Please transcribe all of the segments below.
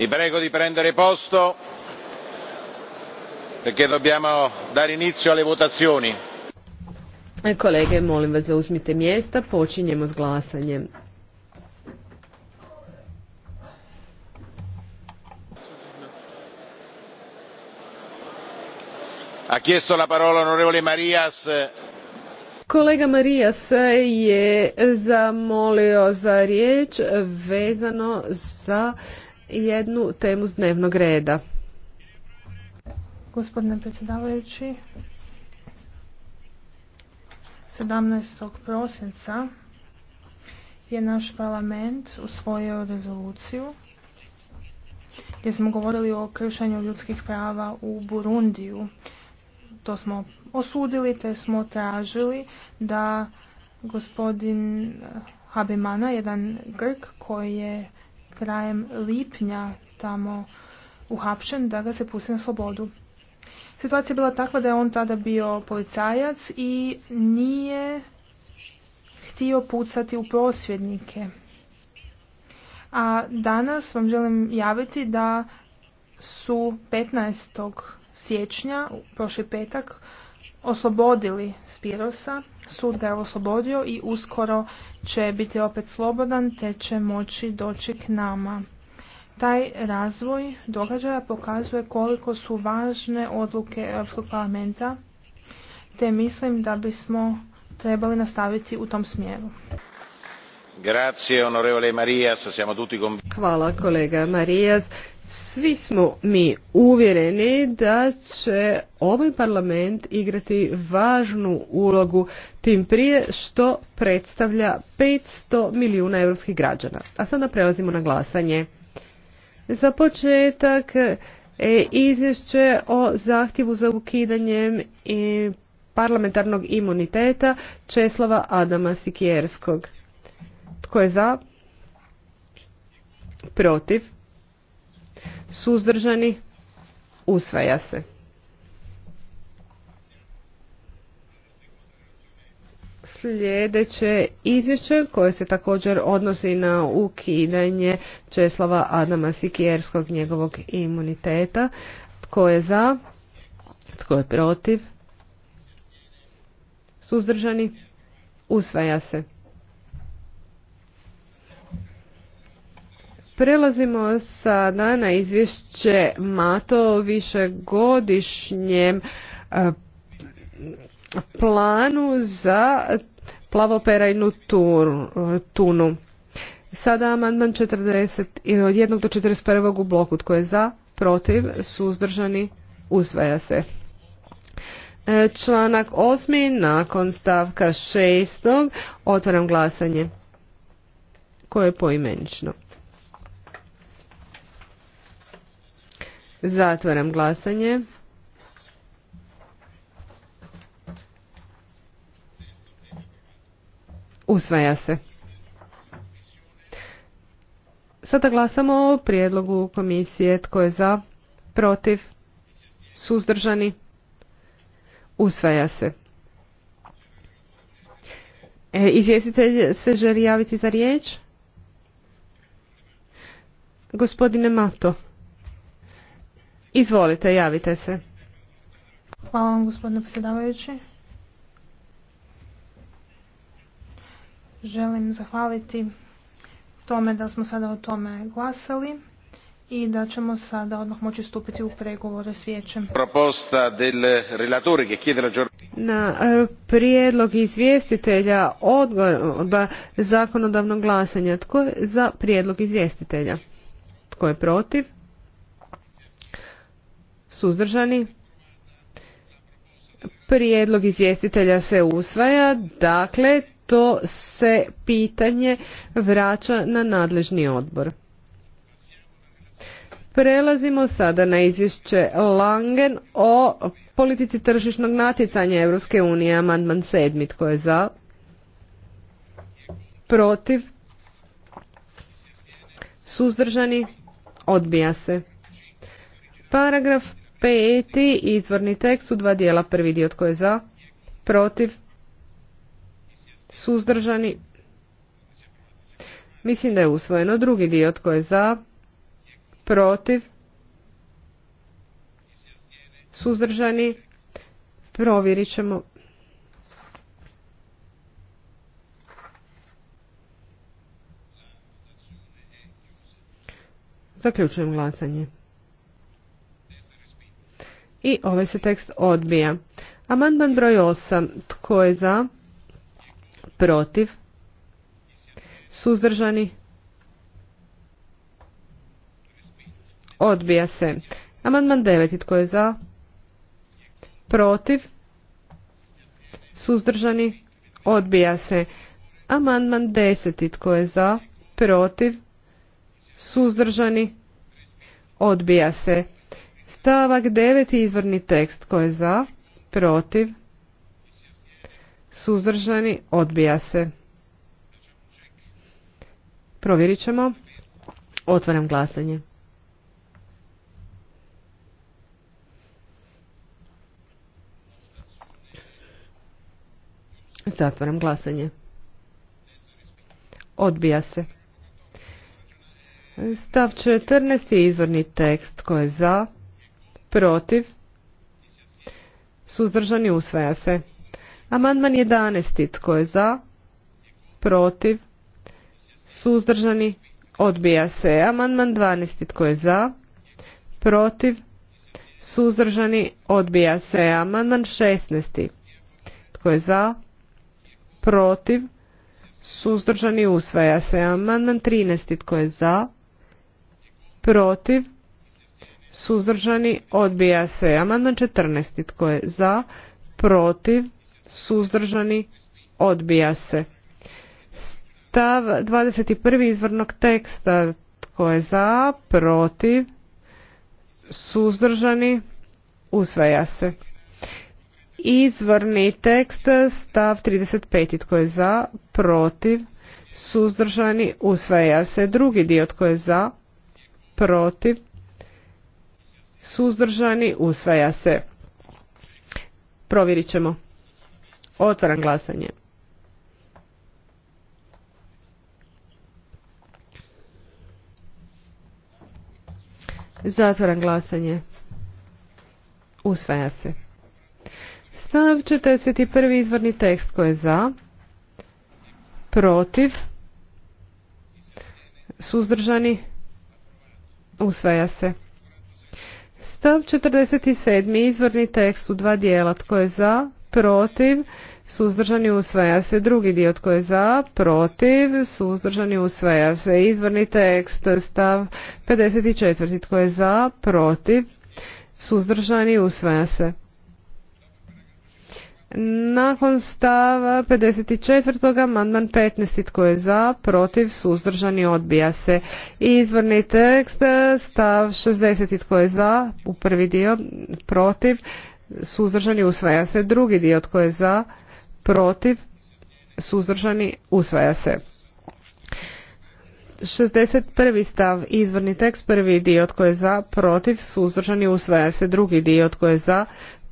vi prego di prendere posto perché dobbiamo dare inizio alle votazioni. E kolege, molim vas zauzmite mjesta, počinjemo s glasanjem. Ha chiesto la parola onorevole Marias. Kolega Marijas je zamolio za riječ vezano za jednu temu s dnevnog reda. Gospodine predsjedavajući, 17. prosinca je naš parlament usvojio rezoluciju gdje smo govorili o kršenju ljudskih prava u Burundiju. To smo osudili te smo tražili da gospodin Habimana, jedan Grk koji je krajem lipnja tamo uhapšen da ga se pusti na slobodu. Situacija je bila takva da je on tada bio policajac i nije htio pucati u prosvjednike. A danas vam želim javiti da su 15. siječnja, prošli petak, oslobodili Spirosa, sud ga je oslobodio i uskoro će biti opet slobodan te će moći doći k nama. Taj razvoj događaja pokazuje koliko su važne odluke Europskog parlamenta te mislim da bismo trebali nastaviti u tom smjeru. Grazie, onorevole siamo tutti Hvala kolega Marijas. Svi smo mi uvjereni da će ovaj parlament igrati važnu ulogu, tim prije što predstavlja 500 milijuna europskih građana. A sada prelazimo na glasanje. Za početak e, izvješće o zahtjevu za ukidanjem i parlamentarnog imuniteta Česlava Adama Sikjerskog. Tko je za? Protiv? suzdržani, usvaja se. Sljedeće izvješće koje se također odnosi na ukidanje Česlava Adama Sikijerskog njegovog imuniteta. Tko je za? Tko je protiv? Suzdržani? Usvaja se. Prelazimo sada na izvješće Mato o višegodišnjem e, planu za plavoperajnu tunu. Sada amandman 40, od 1 do 41 u bloku. Tko je za, protiv, suzdržani, usvaja se. E, članak 8. Nakon stavka 6. Otvaram glasanje koje je poimenično. Zatvaram glasanje. Usvaja se. Sada glasamo o prijedlogu komisije. Tko je za? Protiv? Suzdržani? Usvaja se. E, izvjestitelj se želi javiti za riječ? Gospodine Mato. Izvolite, javite se. Hvala vam gospodine predsjedavajući. Želim zahvaliti tome da smo sada o tome glasali i da ćemo sada odmah moći stupiti u pregovore s vijećem. Na e, prijedlog izvjestitelja odgoda zakonodavnog glasanja. Tko je za prijedlog izvjestitelja? Tko je protiv? suzdržani prijedlog izvjestitelja se usvaja dakle to se pitanje vraća na nadležni odbor Prelazimo sada na izvješće Langen o politici tržišnog natjecanja Europske unije, amandman sedmi, tko je za? Protiv? Suzdržani? Odbija se. Paragraf peti izvorni tekst u dva dijela. Prvi dio tko je za, protiv, suzdržani. Mislim da je usvojeno. Drugi dio tko je za, protiv, suzdržani. Provjerit ćemo. Zaključujem glasanje. I ovaj se tekst odbija. Amandman broj 8. Tko je za? Protiv? Suzdržani? Odbija se. Amandman 9. Tko je za? Protiv? Suzdržani? Odbija se. Amandman 10. Tko je za? Protiv? Suzdržani? Odbija se. Stavak 9. izvorni tekst. koji je za? Protiv? Suzdržani? Odbija se. Provjerit ćemo. Otvaram glasanje. Zatvaram glasanje. Odbija se. Stav 14. izvorni tekst. koji je za? protiv, suzdržani usvaja se. Amandman 11. Tko je za? Protiv? Suzdržani? Odbija se. Amandman 12. Tko je za? Protiv? Suzdržani? Odbija se. Amandman 16. Tko je za? Protiv? Suzdržani? Usvaja se. Amandman 13. Tko je za? Protiv? suzdržani, odbija se. Amandman 14. Tko je za, protiv, suzdržani, odbija se. Stav 21. izvornog teksta. Tko je za, protiv, suzdržani, usvaja se. Izvorni tekst stav 35. Tko je za, protiv, suzdržani, usvaja se. Drugi dio tko je za, protiv, suzdržani, usvaja se. Provjerit ćemo. Otvaram glasanje. Zatvaram glasanje. Usvaja se. Stav 41. izvorni tekst koji je za, protiv, suzdržani, usvaja se. Stav 47. izvorni tekst u dva dijela. Tko je za? Protiv? Suzdržani usvaja se. Drugi dio tko je za? Protiv? Suzdržani usvaja se. Izvorni tekst. Stav 54. Tko je za? Protiv? Suzdržani usvaja se. Nakon stava 54. amandman 15. tko je za, protiv, suzdržani, odbija se. Izvorni tekst stav 60. tko je za, u prvi dio, protiv, suzdržani, usvaja se. Drugi dio tko je za, protiv, suzdržani, usvaja se. 61. stav izvorni tekst prvi dio tko je za, protiv, suzdržani, usvaja se. Drugi dio tko je za,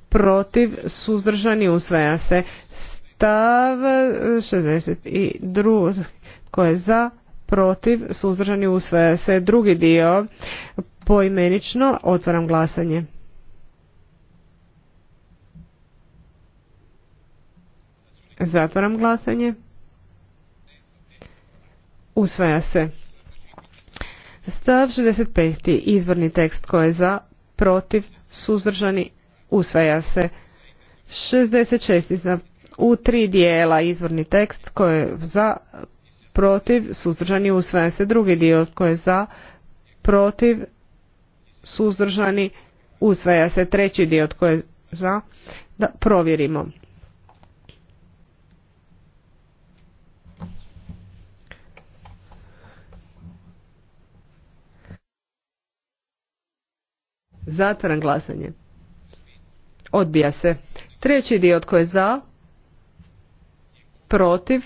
protiv, suzdržani, usvaja se. Stav 62. Tko je za, protiv, suzdržani, usvaja se. Drugi dio poimenično otvaram glasanje. Zatvaram glasanje. Usvaja se. Stav 65. Izvorni tekst koje je za, protiv, suzdržani, usvaja se 66 u tri dijela izvorni tekst koji je za protiv suzdržani usvaja se drugi dio koji je za protiv suzdržani usvaja se treći dio tko je za da provjerimo Zatvaram glasanje. Odbija se. Treći dio tko je za? Protiv?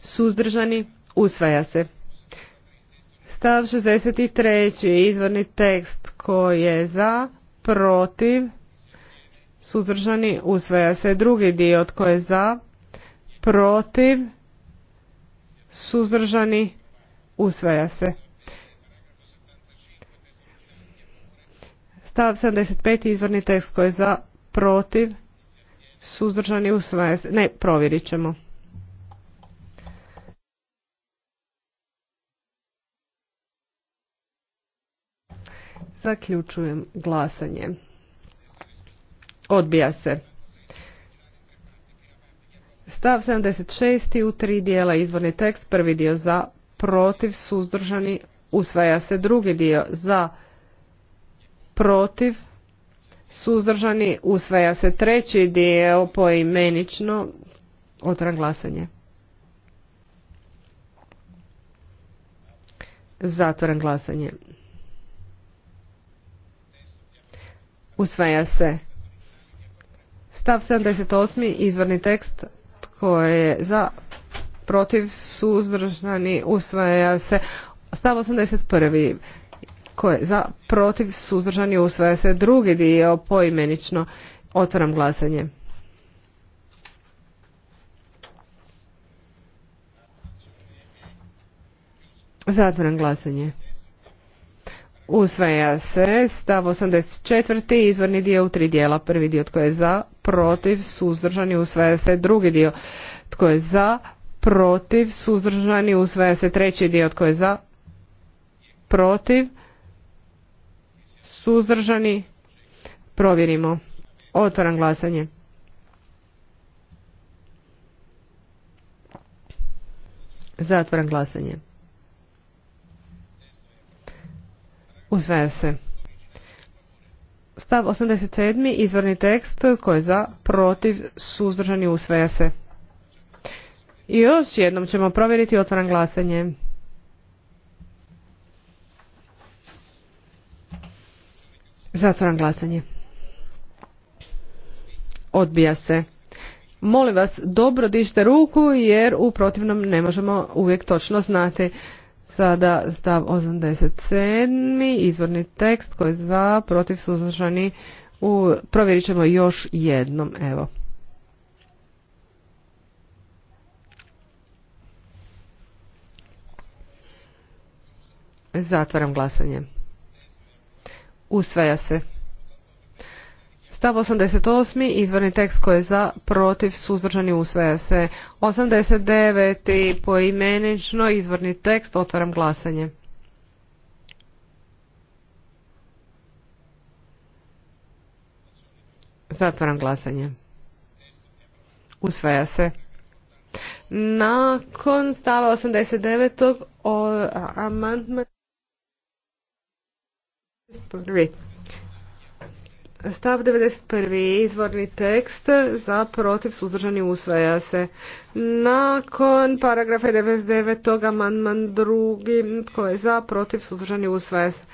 Suzdržani? Usvaja se. Stav 63. Izvorni tekst koji je za? Protiv? Suzdržani? Usvaja se. Drugi dio tko je za? Protiv? Suzdržani? Usvaja se. Stav 75. izvorni tekst koji je za, protiv, suzdržani usvaja se. Ne, provjerit ćemo. Zaključujem glasanje. Odbija se. Stav 76. u tri dijela izvorni tekst. Prvi dio za, protiv, suzdržani, usvaja se. Drugi dio za, protiv, suzdržani, usvaja se treći dio poimenično, otran glasanje. Zatvoren glasanje. Usvaja se. Stav 78. Izvorni tekst koji je za protiv suzdržani usvaja se. Stav 81. Tko je za? Protiv? Suzdržani? Usvaja se. Drugi dio poimenično. Otvaram glasanje. Zatvaram glasanje. Usvaja se stav 84. izvorni dio u tri dijela. Prvi dio tko je za, protiv, suzdržani, usvaja se drugi dio. Tko je za, protiv, suzdržani, usvaja se treći dio. Tko je za, protiv, suzdržani provjerimo otvaram glasanje zatvaram glasanje usvaja se stav 87. izvorni tekst koji je za protiv suzdržani usvaja se i još jednom ćemo provjeriti otvaram glasanje Zatvaram glasanje. Odbija se. Molim vas, dobro dižite ruku jer u protivnom ne možemo uvijek točno znati. Sada stav 87. Izvorni tekst koji je za protiv suzdržani. U, provjerit ćemo još jednom. Evo. Zatvaram glasanje. Usvaja se. Stav 88. Izvorni tekst koji je za, protiv, suzdržani, usvaja se. 89. Poimenično izvorni tekst. Otvaram glasanje. Zatvaram glasanje. Usvaja se. Nakon stava 89. amandman Stav 91. izvorni tekst za protiv suzdržani usvaja se. Nakon paragrafa 99. toga amandman drugi tko je za protiv suzdržani usvaja se.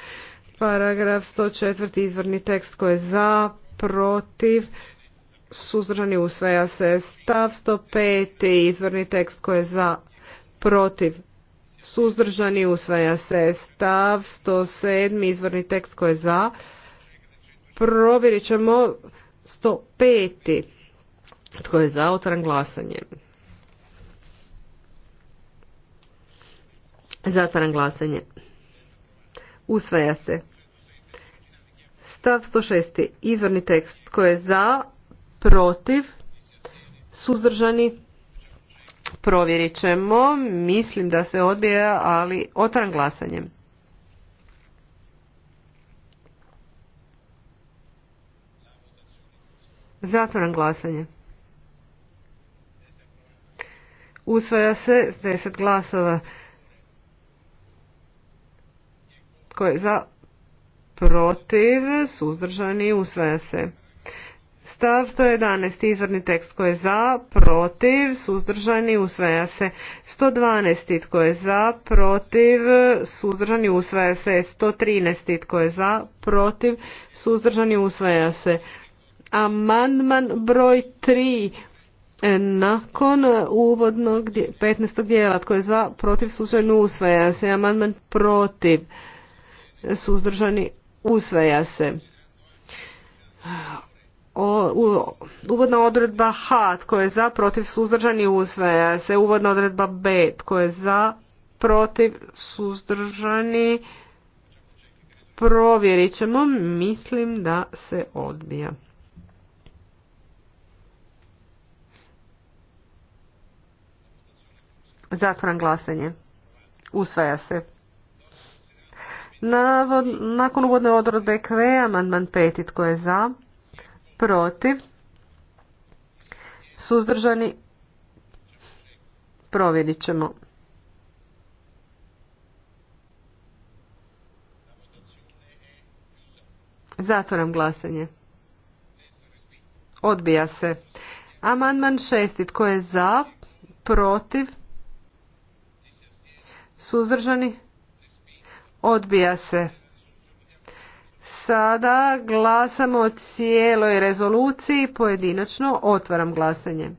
Paragraf 104. izvorni tekst tko je za protiv suzdržani usvaja se. Stav 105. izvorni tekst tko je za protiv suzdržani, usvaja se stav 107, izvorni tekst koji je za. Provjerit ćemo 105. Tko je za, otvaram glasanje. Zatvaran glasanje. Usvaja se. Stav 106. Izvorni tekst. Tko je za, protiv, suzdržani, Provjerit ćemo. Mislim da se odbija, ali otran glasanjem. Zatvoran glasanje. Usvaja se s 10 glasova. Tko je za? Protiv? Suzdržani? Usvaja se stav jedanaest izvorni tekst koji je za, protiv, suzdržani, usvaja se. 112. tko je za, protiv, suzdržani, usvaja se. 113. tko je za, protiv, suzdržani, usvaja se. Amandman broj tri. E, nakon uvodnog 15. dijela tko je za, protiv, suzdržani, usvaja se. Amandman protiv, suzdržani, usvaja se o, uvodna odredba H tko je za protiv suzdržani usvaja se uvodna odredba B tko je za protiv suzdržani provjerit ćemo mislim da se odbija Zatvoran glasanje. Usvaja se. nakon uvodne odredbe Q, amandman 5. Tko je za? protiv, suzdržani, provjerit ćemo. Zatvoram glasanje. Odbija se. Amandman šesti. Tko je za? Protiv? Suzdržani? Odbija se. Sada glasamo o cijeloj rezoluciji pojedinačno. Otvaram glasanje.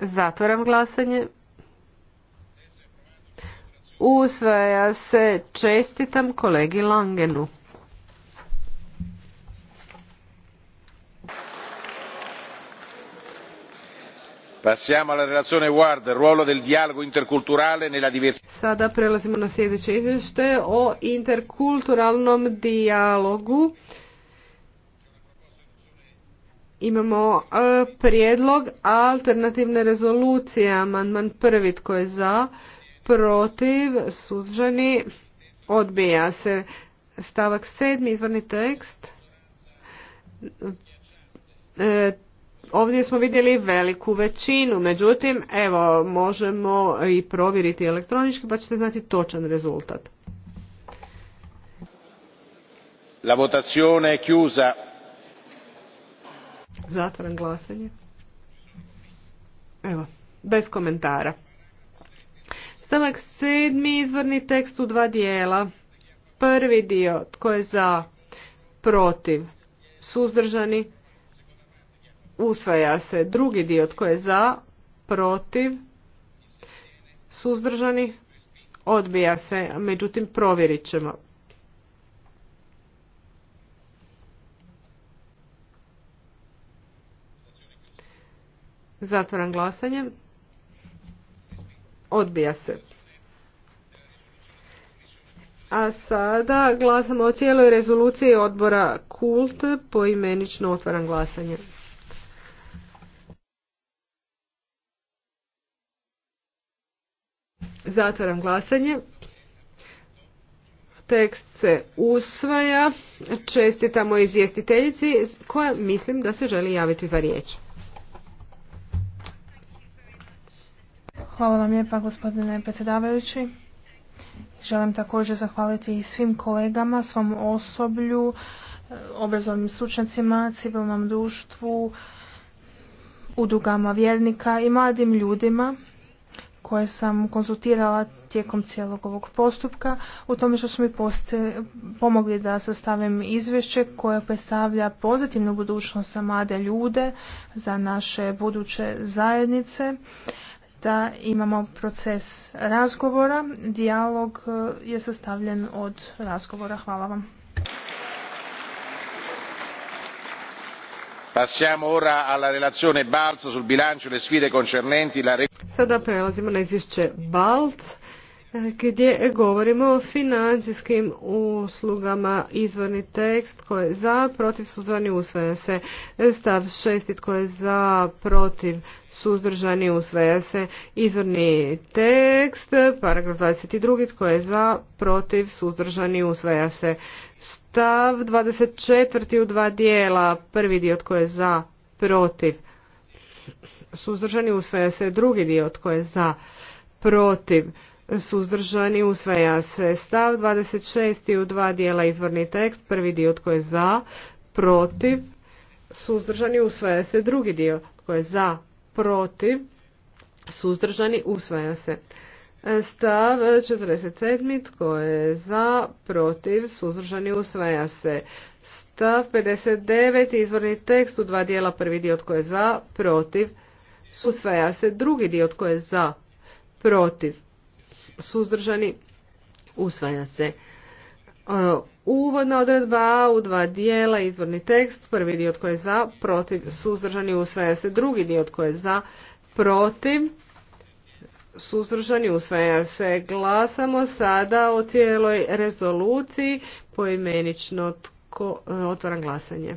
Zatvaram glasanje. Usvaja se čestitam kolegi Langenu. Passiamo alla relazione Ward, ruolo del dialogo interculturale nella diversità. Sada prelazimo na sljedeće izvješte o interkulturalnom dijalogu. Imamo e, prijedlog alternativne rezolucije, amandman prvi tko je za, protiv, suzdržani, odbija se. Stavak sedmi, izvorni tekst. E, Ovdje smo vidjeli veliku većinu, međutim, evo, možemo i provjeriti elektronički pa ćete znati točan rezultat. La votazione è chiusa. Zatvaram glasanje. Evo, bez komentara. Stavak sedmi, izvorni tekst u dva dijela. Prvi dio, tko je za, protiv, suzdržani, usvaja se drugi dio tko je za protiv suzdržani odbija se međutim provjerit ćemo zatvaram glasanje odbija se a sada glasamo o cijeloj rezoluciji odbora kult poimenično otvaram glasanje Zatvaram glasanje. Tekst se usvaja. Čestitamo izvjestiteljici koja mislim da se želi javiti za riječ. Hvala vam lijepa gospodine predsjedavajući. Želim također zahvaliti i svim kolegama, svom osoblju, obrazovnim stručnjacima, civilnom društvu, udugama vjernika i mladim ljudima koje sam konzultirala tijekom cijelog ovog postupka u tome što su mi pomogli da sastavim izvješće koje predstavlja pozitivnu budućnost za mlade ljude, za naše buduće zajednice, da imamo proces razgovora. Dijalog eh, je sastavljen od razgovora. Hvala vam. E Sada prelazimo na izvješće Balz eh, gdje govorimo o financijskim uslugama izvorni tekst tko je za, protiv suzdržani usvaja se stav šest, tko je za, protiv suzdržani usvaja se izvorni tekst paragraf 22 tko je za, protiv suzdržani usvaja se stav 24. u dva dijela. Prvi dio tko je za, protiv, suzdržani usvaja se. Drugi dio tko je za, protiv, suzdržani usvaja se. Stav 26. u dva dijela izvorni tekst. Prvi dio tko je za, protiv, suzdržani usvaja se. Drugi dio tko je za, protiv, suzdržani usvaja se. Stav 47. Tko je za, protiv, suzdržani usvaja se. Stav 59. Izvorni tekst u dva dijela. Prvi dio tko je za, protiv, usvaja se. Drugi dio tko je za, protiv, suzdržani usvaja se. E, uvodna odredba u dva dijela, izvorni tekst, prvi dio tko je za, protiv, suzdržani usvaja se, drugi dio tko je za, protiv, suzdržani, usvaja se. Glasamo sada o cijeloj rezoluciji poimenično tko, e, otvaram glasanje.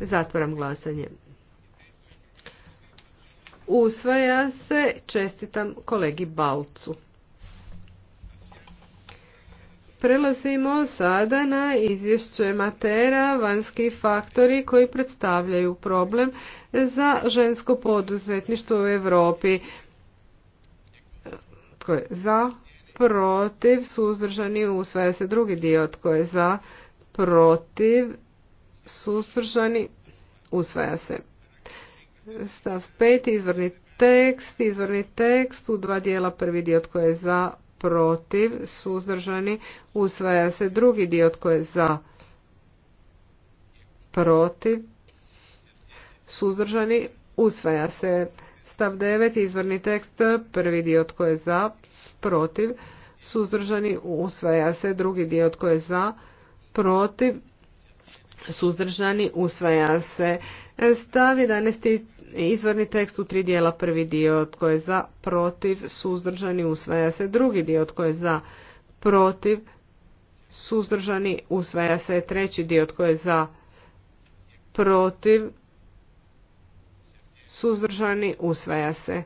Zatvaram glasanje. Usvaja se, čestitam kolegi Balcu. Prelazimo sada na izvješće Matera, vanjski faktori koji predstavljaju problem za žensko poduzetništvo u Europi. Tko je za, protiv, suzdržani, usvaja se drugi dio. Tko je za, protiv, suzdržani, usvaja se. Stav 5. Izvorni tekst, izvorni tekst u dva dijela, prvi dio tko je za, protiv, suzdržani, usvaja se drugi dio tko je za, protiv, suzdržani, usvaja se stav 9, izvorni tekst, prvi dio tko je za, protiv, suzdržani, usvaja se drugi dio tko je za, protiv, suzdržani, usvaja se. Stav 11. izvorni tekst u tri dijela, prvi dio tko je za, protiv, suzdržani, usvaja se. Drugi dio tko je za, protiv, suzdržani, usvaja se. Treći dio tko je za, protiv, suzdržani, usvaja se.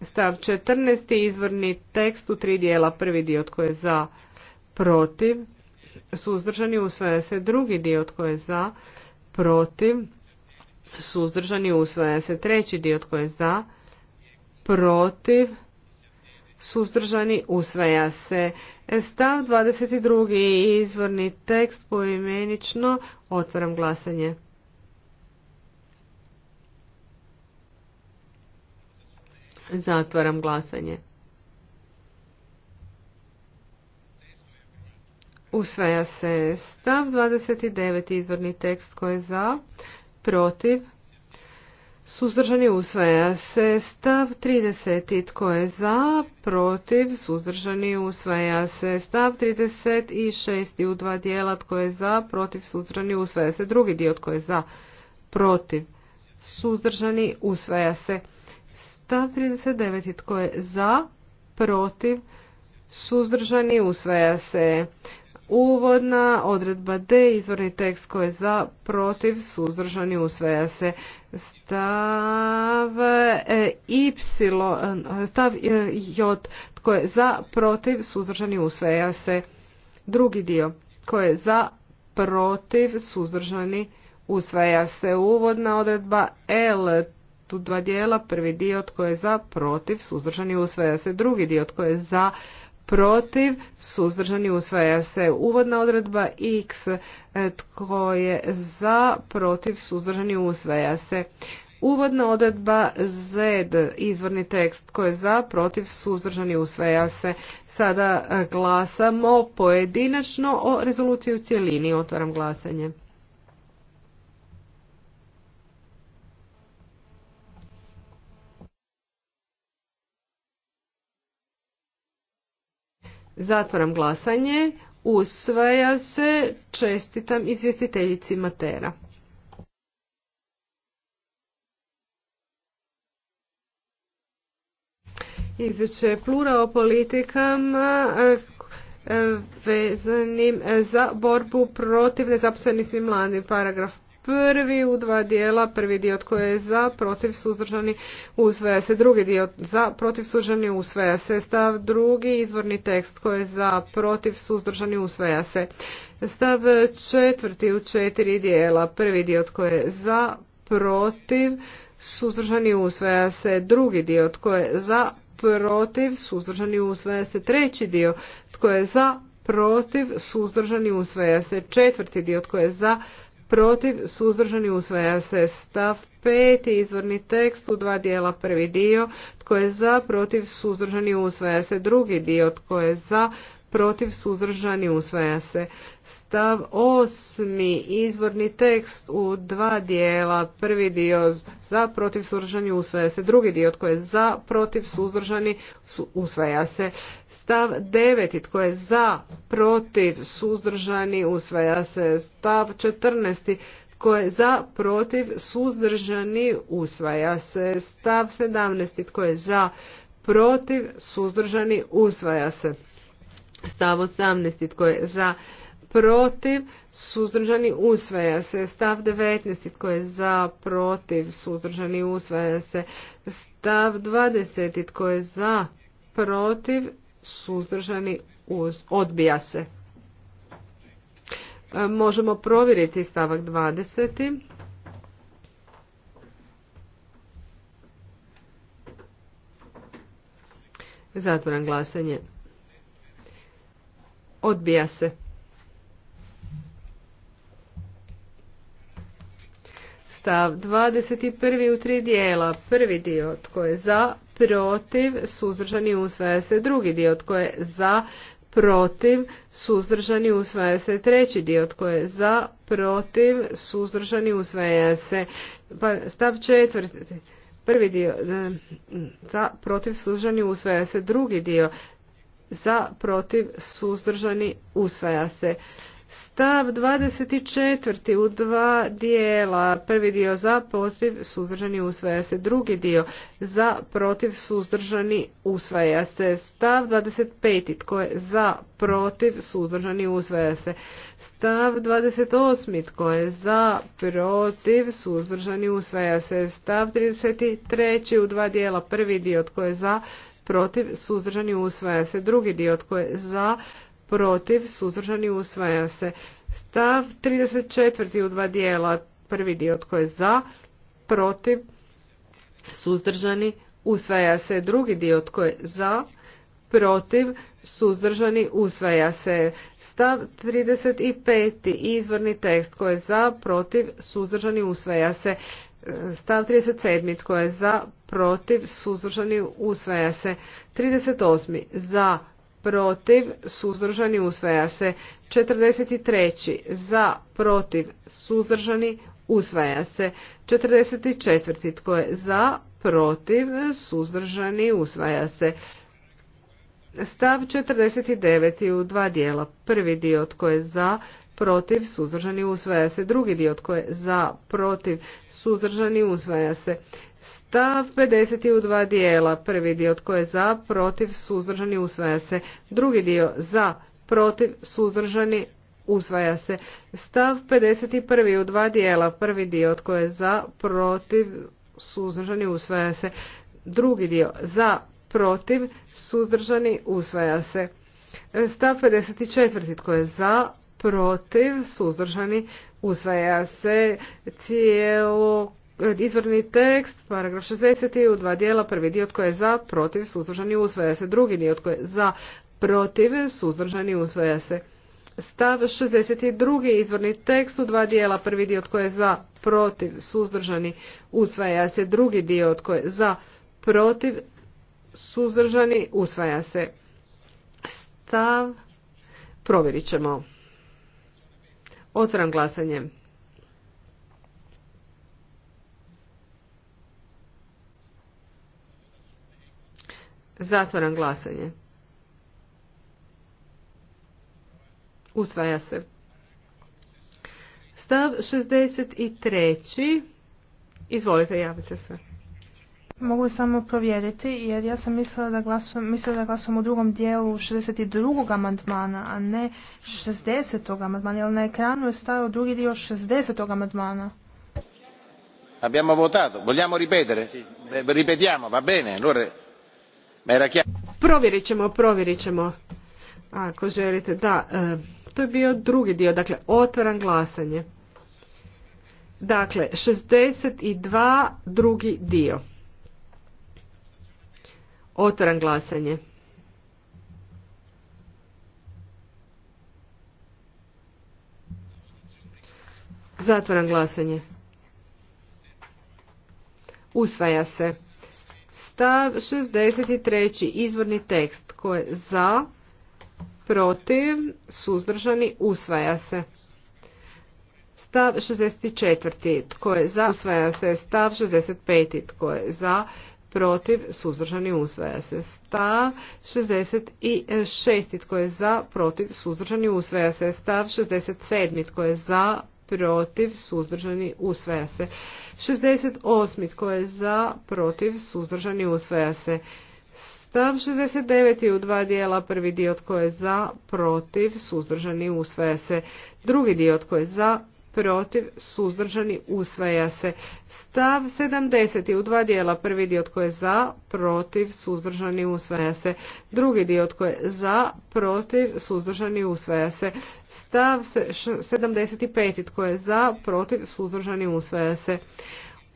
Stav 14. izvorni tekst u tri dijela, prvi dio tko je za, protiv, suzdržani usvaja se drugi dio tko je za protiv suzdržani usvaja se treći dio tko je za protiv suzdržani usvaja se e, stav 22. izvorni tekst poimenično otvaram glasanje zatvaram glasanje Usvaja se stav 29. izvorni tekst koji je za, protiv, Suzdržani usvaja se stav 30. Tko je za? Protiv. Suzdržani usvaja se stav 36. U dva dijela. Tko je za? Protiv. Suzdržani usvaja se drugi dio. Tko je za? Protiv. Suzdržani usvaja se stav 39. Tko je za? Protiv. Suzdržani usvaja se Uvodna odredba D, izvorni tekst koji je za, protiv, suzdržani, usvaja se stav e, Y, stav e, J, tko je za, protiv, suzdržani, usvaja se drugi dio, tko je za, protiv, suzdržani, usvaja se uvodna odredba L, tu dva dijela, prvi dio tko je za, protiv, suzdržani, usvaja se drugi dio tko je za, protiv, suzdržani usvaja se uvodna odredba x, e, tko je za, protiv, suzdržani usvaja se. Uvodna odredba Z, izvorni tekst tko je za, protiv, suzdržani usvaja se. Sada e, glasamo pojedinačno o rezoluciji u cjelini. Otvaram glasanje. Zatvaram glasanje. Usvaja se. Čestitam izvjestiteljici Matera. Izveće plura o politikama vezanim za borbu protiv nezaposlenih mladih paragraf prvi u dva dijela, prvi dio tko je za, protiv suzdržani usvaja se, drugi dio za, protiv suzdržani usvaja se, stav drugi izvorni tekst tko je za, protiv suzdržani usvaja se, stav četvrti u četiri dijela, prvi dio tko je za, protiv suzdržani usvaja se, drugi dio tko je za, protiv suzdržani usvaja se, treći dio tko je za, protiv suzdržani usvaja se, četvrti dio tko je za, protiv, suzdržani usvaja se stav peti izvorni tekst u dva dijela, prvi dio, tko je za, protiv, suzdržani usvaja se drugi dio, tko je za, protiv suzdržani usvaja se. Stav osmi izvorni tekst u dva dijela. Prvi dio za protiv suzdržani usvaja se. Drugi dio tko je za protiv suzdržani usvaja se. Stav deveti tko je za protiv suzdržani usvaja se. Stav 14. tko je za, protiv, suzdržani, usvaja se. Stav 17. Tko je za, protiv, suzdržani, usvaja se. Stav 18. Tko je za? Protiv? Suzdržani usvaja se. Stav 19. Tko je za? Protiv? Suzdržani usvaja se. Stav 20. Tko je za? Protiv? Suzdržani odbija se. E, možemo provjeriti stavak 20. Zatvoram glasanje. Odbija se. Stav 21. u tri dijela. Prvi dio tko je za, protiv, suzdržani usvaja se. Drugi dio tko je za, protiv, suzdržani usvaja se. Treći dio tko je za, protiv, suzdržani usvaja se. Pa, stav četvrti. Prvi dio eh, za, protiv, suzdržani usvaja se. Drugi dio za protiv suzdržani usvaja se. Stav 24 u dva dijela. Prvi dio za protiv suzdržani usvaja se. Drugi dio za protiv suzdržani usvaja se. Stav 25 tko je za protiv suzdržani usvaja se. Stav 28 tko je za protiv suzdržani usvaja se. Stav 33 u dva dijela. Prvi dio tko je za protiv, suzdržani, usvaja se. Drugi dio tko je za, protiv, suzdržani, usvaja se. Stav 34. u dva dijela, prvi dio tko je za, protiv, suzdržani, usvaja se. Drugi dio tko je za, protiv, suzdržani, usvaja se. Stav 35. izvorni tekst tko je za, protiv, suzdržani, usvaja se. Stav 37. Tko je za, protiv, suzdržani, usvaja se. 38. Za, protiv, suzdržani, usvaja se. 43. Za, protiv, suzdržani, usvaja se. 44. Tko je za, protiv, suzdržani, usvaja se. Stav 49. u dva dijela. Prvi dio tko je za, protiv, suzdržani, usvaja se. Drugi dio tko je za, protiv, suzdržani, usvaja se. Stav 50 u dva dijela. Prvi dio tko je za, protiv, suzdržani, usvaja se. Drugi dio za, protiv, suzdržani, usvaja se. Stav 51 u dva dijela. Prvi dio tko je za, protiv, suzdržani, usvaja se. Drugi dio za, protiv, suzdržani, usvaja se. Stav 54 tko je za, protiv, suzdržani, usvaja se cijelo izvorni tekst, paragraf 60. u dva dijela, prvi dio tko je za, protiv, suzdržani, usvaja se, drugi dio tko je za, protiv, suzdržani, usvaja se. Stav 62. izvorni tekst u dva dijela, prvi dio tko je za, protiv, suzdržani, usvaja se, drugi dio tko je za, protiv, suzdržani, usvaja se. Stav provjerit ćemo. Otvaram glasanje. Zatvaram glasanje. Usvaja se. Stav 63. Izvolite, javite se mogu samo provjeriti jer ja sam mislila da glasujem, mislila da glasujem u drugom dijelu 62. amandmana, a ne 60. amandmana, jer na ekranu je stajao drugi dio 60. amandmana. Abbiamo votato, vogliamo ripetere? Eh, ripetiamo, va bene, allora... Provjerit ćemo, provjerit ćemo. Ako želite, da, eh, to je bio drugi dio, dakle, otvaram glasanje. Dakle, 62. drugi dio. Otvaram glasanje. Zatvaram glasanje. Usvaja se. Stav 63. Izvorni tekst koji je za, protiv, suzdržani, usvaja se. Stav 64. Tko je za? Usvaja se. Stav 65. Tko je za? protiv, suzdržani, usvaja se. Stav 66. Tko je za, protiv, suzdržani, usvaja se. Stav 67. Tko je za, protiv, suzdržani, usvaja se. 68. Tko je za, protiv, suzdržani, usvaja se. Stav 69. je u dva dijela, prvi dio tko je za, protiv, suzdržani, usvaja se. Drugi dio tko je za, protiv, suzdržani, usvaja se. Stav 70. u dva dijela, prvi dio tko je za, protiv, suzdržani, usvaja se. Drugi dio tko je za, protiv, suzdržani, usvaja se. Stav 75. tko je za, protiv, suzdržani, usvaja se.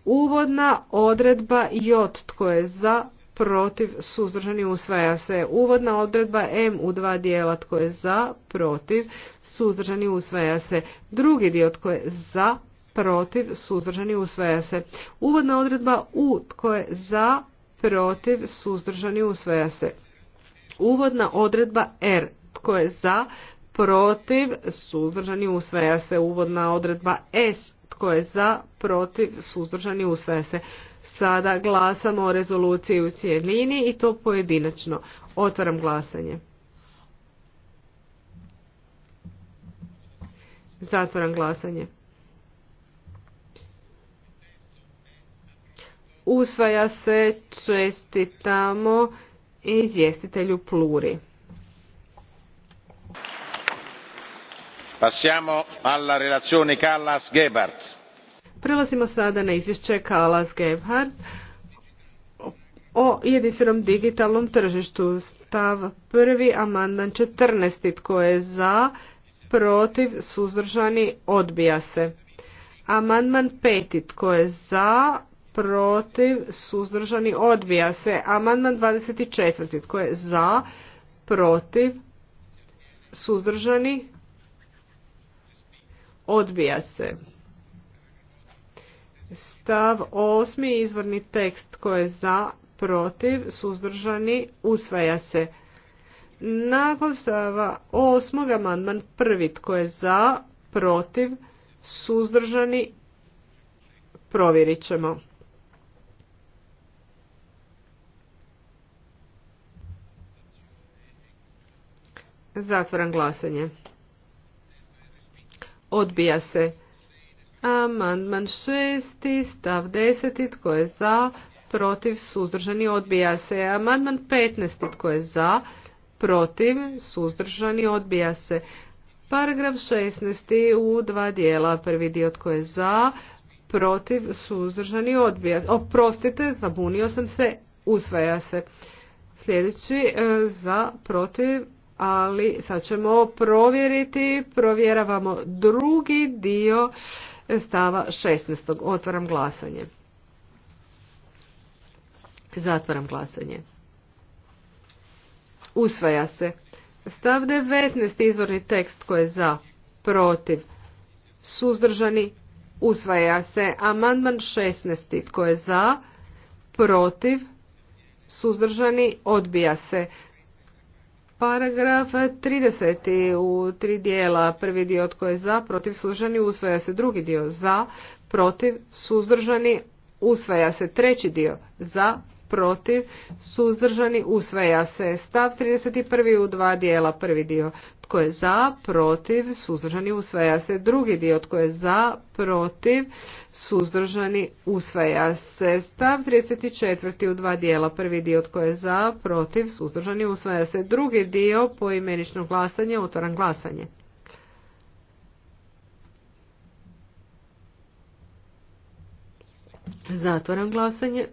Uvodna odredba J tko je za, protiv, suzdržani, usvaja se. Uvodna odredba M u dva dijela, tko je za, protiv, suzdržani, usvaja se. Drugi dio, tko je za, protiv, suzdržani, usvaja se. Uvodna odredba U, tko je za, protiv, suzdržani, usvaja se. Uvodna odredba R, tko je za, protiv, suzdržani, usvaja se. Uvodna odredba S, tko je za, protiv, suzdržani, usvaja se. Sada glasamo o rezoluciji u cjelini i to pojedinačno. Otvaram glasanje. Zatvaram glasanje. Usvaja se čestitamo izvjestitelju Pluri. Passiamo alla relazione Callas Gebhardt Prelazimo sada na izvješće Kalas Gebhard o jedinstvenom digitalnom tržištu. Stav prvi, amandman 14. Tko je za, protiv, suzdržani, odbija se. Amandman 5. Tko je za, protiv, suzdržani, odbija se. Amandman 24. Tko je za, protiv, suzdržani, odbija se. Stav osmi izvorni tekst koji je za, protiv, suzdržani, usvaja se. Nakon stava osmog amandman prvi tko je za, protiv, suzdržani, provjerit ćemo. Zatvaram glasanje. Odbija se. Amandman šesti, stav deseti, tko je za, protiv, suzdržani, odbija se. Amandman petnesti, tko je za, protiv, suzdržani, odbija se. Paragraf 16. u dva dijela. Prvi dio tko je za, protiv, suzdržani, odbija se. Oprostite, zabunio sam se, usvaja se. Sljedeći e, za, protiv, ali sad ćemo provjeriti. Provjeravamo drugi dio stava 16. Otvaram glasanje. Zatvaram glasanje. Usvaja se. Stav 19. Izvorni tekst koji je za, protiv, suzdržani. Usvaja se. Amandman 16. Tko je za, protiv, suzdržani. Odbija se. Paragraf 30. u tri dijela. Prvi dio tko je za, protiv suzdržani, usvaja se. Drugi dio za, protiv suzdržani, usvaja se. Treći dio za, protiv, suzdržani, usvaja se. Stav 31. u dva dijela, prvi dio tko je za, protiv, suzdržani, usvaja se. Drugi dio tko je za, protiv, suzdržani, usvaja se. Stav 34. u dva dijela, prvi dio tko je za, protiv, suzdržani, usvaja se. Drugi dio poimenično glasanje, otvoran glasanje. Zatvaram glasanje.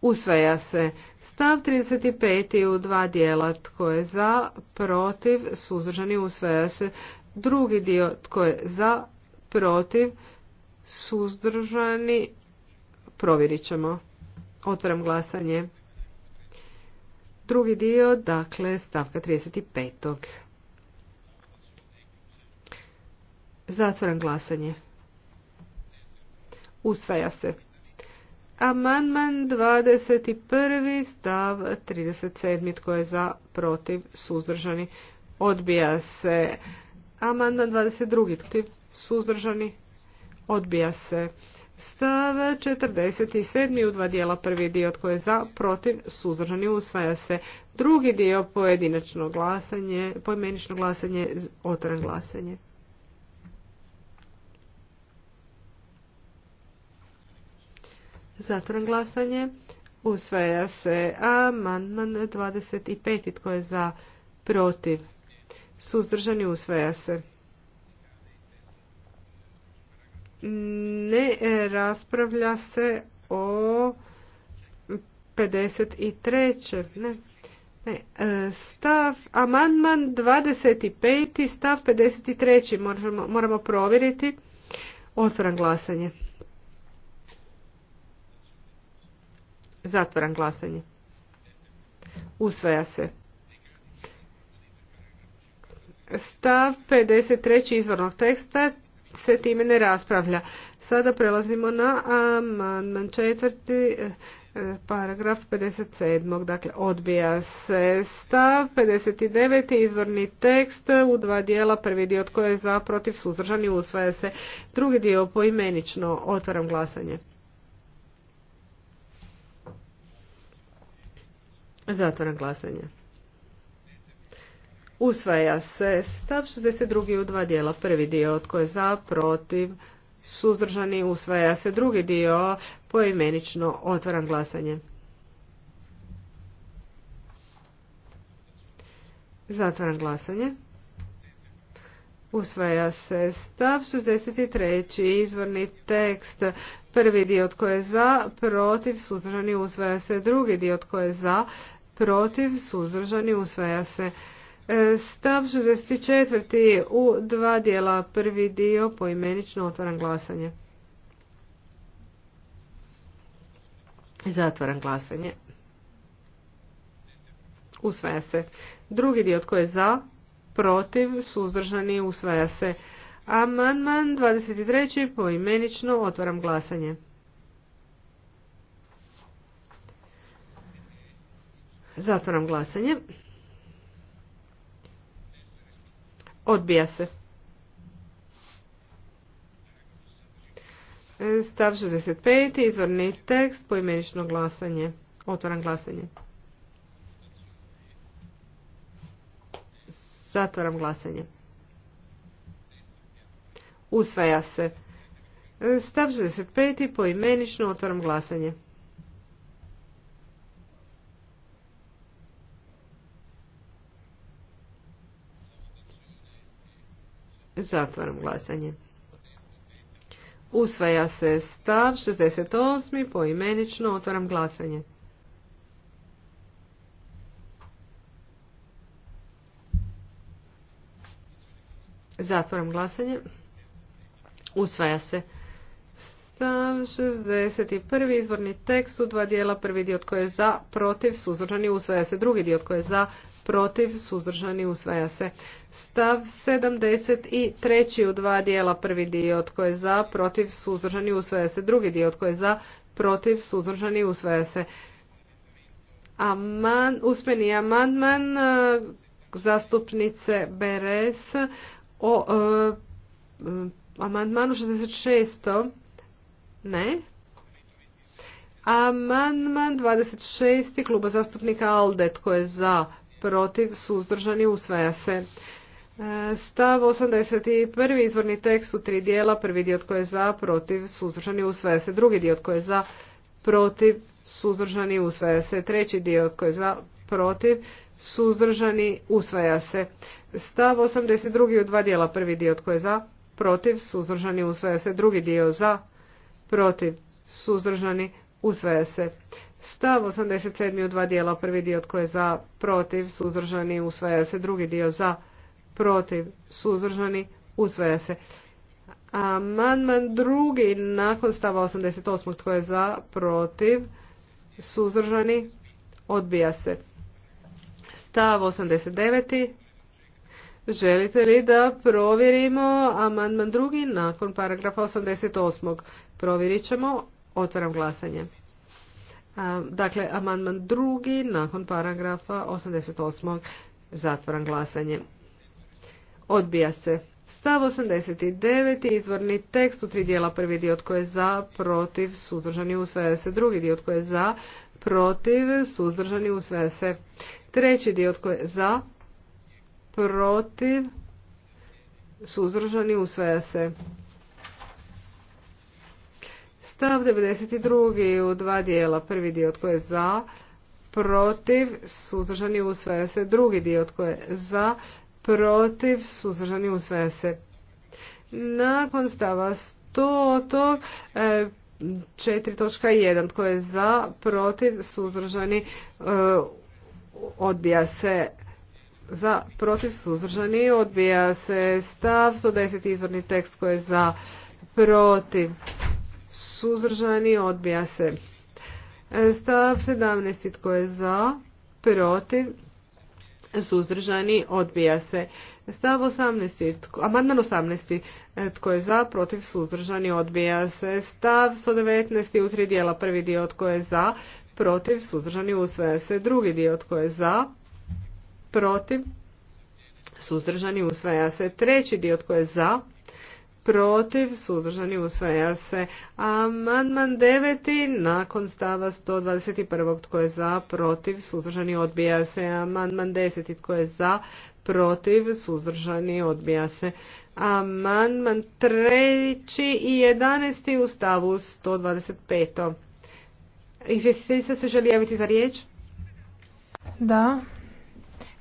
Usvaja se. Stav 35. u dva dijela. Tko je za, protiv, suzdržani, usvaja se. Drugi dio. Tko je za, protiv, suzdržani, provjerit ćemo. Otvaram glasanje. Drugi dio, dakle, stavka 35. Zatvaram glasanje. Usvaja se. Amandman 21. stav 37. Tko je za, protiv, suzdržani. Odbija se. Amandman 22. je suzdržani. Odbija se. Stav 47. u dva dijela prvi dio tko je za, protiv, suzdržani usvaja se. Drugi dio pojedinačno glasanje, pojmenično glasanje, otran glasanje. Zatvoren glasanje. Usvaja se amandman 25. Tko je za? Protiv. Suzdržani usvaja se. Ne e, raspravlja se o 53. Ne. Ne. E, stav, amandman 25. stav 53. Moramo, moramo provjeriti. Otvoram glasanje. Zatvaram glasanje. Usvaja se. Stav 53. izvornog teksta se time ne raspravlja. Sada prelazimo na amandman četvrti eh, paragraf 57. Dakle, odbija se stav 59. izvorni tekst u dva dijela. Prvi dio tko je za, protiv, suzdržani, usvaja se. Drugi dio poimenično. Otvaram glasanje. Zatvaram glasanje. Usvaja se stav 62. u dva dijela. Prvi dio tko je za, protiv, suzdržani. Usvaja se drugi dio poimenično. Otvaram glasanje. Zatvaram glasanje. Usvaja se stav 63. izvorni tekst. Prvi dio tko je za, protiv, suzdržani. Usvaja se drugi dio tko je za, protiv, suzdržani, usvaja se. E, stav 64. u dva dijela, prvi dio poimenično otvaram glasanje. Zatvaram glasanje. Usvaja se. Drugi dio tko je za, protiv, suzdržani, usvaja se. Amandman 23. poimenično otvaram glasanje. Zatvaram glasanje. Odbija se. Stav 65. Izvorni tekst, poimenično glasanje. Otvaram glasanje. Zatvaram glasanje. Usvaja se. Stav 65. Poimenično otvaram glasanje. Zatvaram glasanje. Usvaja se stav 68. Poimenično otvaram glasanje. Zatvaram glasanje. Usvaja se. Stav 61. Izvorni tekst u dva dijela. Prvi dio tko je za, protiv, suzdržani. Usvaja se drugi dio tko je za, protiv, suzdržani, usvaja se. Stav 73. u dva dijela, prvi dio tko je za, protiv, suzdržani, usvaja se. Drugi dio od je za, protiv, suzdržani, usvaja se. Aman, uspjeni amandman e, zastupnice Beres o e, e, amandmanu 66. Ne. Amandman 26. kluba zastupnika Alde, tko je za, protiv, suzdržani, usvaja se. E, stav 81. izvorni tekst u tri dijela, prvi dio tko je za, protiv, suzdržani, usvaja se. Drugi dio tko je za, protiv, suzdržani, usvaja se. Treći dio tko je za, protiv, suzdržani, usvaja se. Stav 82. u dva dijela, prvi dio tko je za, protiv, suzdržani, usvaja se. Drugi dio za, protiv, suzdržani, usvaja se. Stav 87. u dva dijela, prvi dio tko je za, protiv, suzdržani, usvaja se, drugi dio za, protiv, suzdržani, usvaja se. Amandman drugi nakon stava 88. tko je za, protiv, suzdržani, odbija se. Stav 89. Želite li da provjerimo amandman drugi nakon paragrafa 88. Provjerit ćemo. Otvaram glasanje. Dakle, amandman drugi nakon paragrafa 88. zatvoran glasanje. Odbija se. Stav 89. izvorni tekst u tri dijela. Prvi dio tko je za, protiv, suzdržani usvaja se. Drugi dio tko je za, protiv, suzdržani usvaja se. Treći dio tko je za, protiv, suzdržani usvaja se. Stav 92. u dva dijela. Prvi dio tko je za, protiv, suzdržani usvaja se. Drugi dio tko je za, protiv, suzdržani usvaja se. Nakon stava 100. 4.1. E, tko je za, protiv, suzdržani, e, odbija se za, protiv, suzdržani, odbija se stav 110. izvorni tekst tko je za, protiv, suzdržani, odbija se. E, stav 17. Tko je za? Protiv? Suzdržani? Odbija se. Stav 18. Amandman 18. E, tko je za? Protiv? Suzdržani? Odbija se. Stav 119. U tri dijela. Prvi dio tko je za? Protiv? Suzdržani? Usvaja se. Drugi dio tko je za? Protiv? Suzdržani? Usvaja se. Treći dio tko je za? protiv, suzdržani usvaja se. Amandman deveti nakon stava 121. tko je za, protiv, suzdržani odbija se. Amandman 10. tko je za, protiv, suzdržani odbija se. Amandman treći i 11. u stavu 125. Izvjestiteljica se želi javiti za riječ? Da,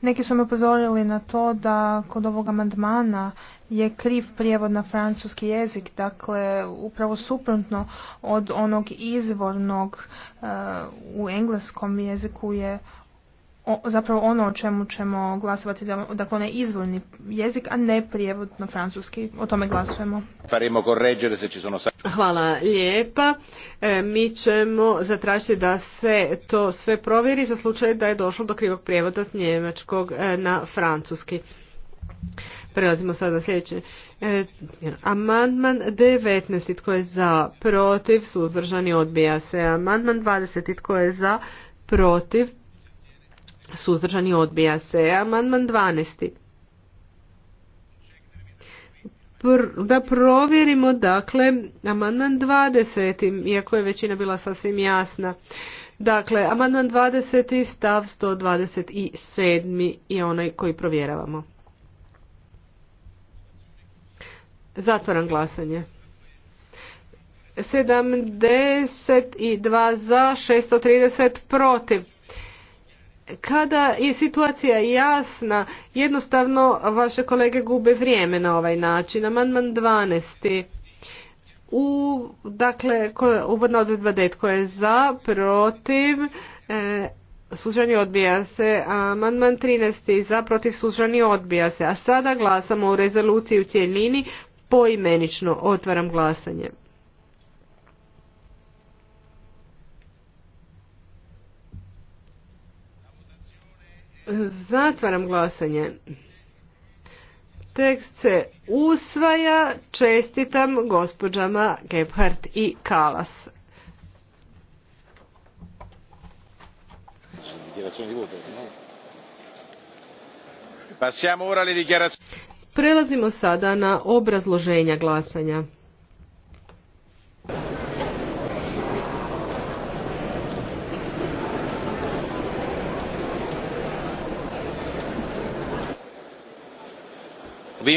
neki su me upozorili na to da kod ovog amandmana je kriv prijevod na francuski jezik, dakle upravo suprotno od onog izvornog e, u engleskom jeziku je zapravo ono o čemu ćemo glasovati, dakle onaj izvorni jezik, a ne prijevod na francuski. O tome glasujemo. Hvala lijepa. E, mi ćemo zatražiti da se to sve provjeri za slučaj da je došlo do krivog prijevoda s njemačkog e, na francuski. Prelazimo sada na sljedeće. E, amandman 19. Tko je za? Protiv. Suzdržani odbija se. Amandman 20. Tko je za? Protiv. Suzdržani odbija se. Amandman 12. Pr da provjerimo, dakle, amandman 20. Iako je većina bila sasvim jasna. Dakle, amandman 20. stav 127. je onaj koji provjeravamo. Zatvoram glasanje. 72 za, 630 protiv. Kada je situacija jasna, jednostavno vaše kolege gube vrijeme na ovaj način. Amandman 12. U, dakle, uvodna odredba detko je za, protiv, e, odbija se. Amandman 13. za protiv služani odbija se. A sada glasamo u rezoluciji u cjelini poimenično. Otvaram glasanje. Zatvaram glasanje. Tekst se usvaja. Čestitam gospođama Gebhardt i Kalas. Prelazimo sada na obrazloženja glasanja.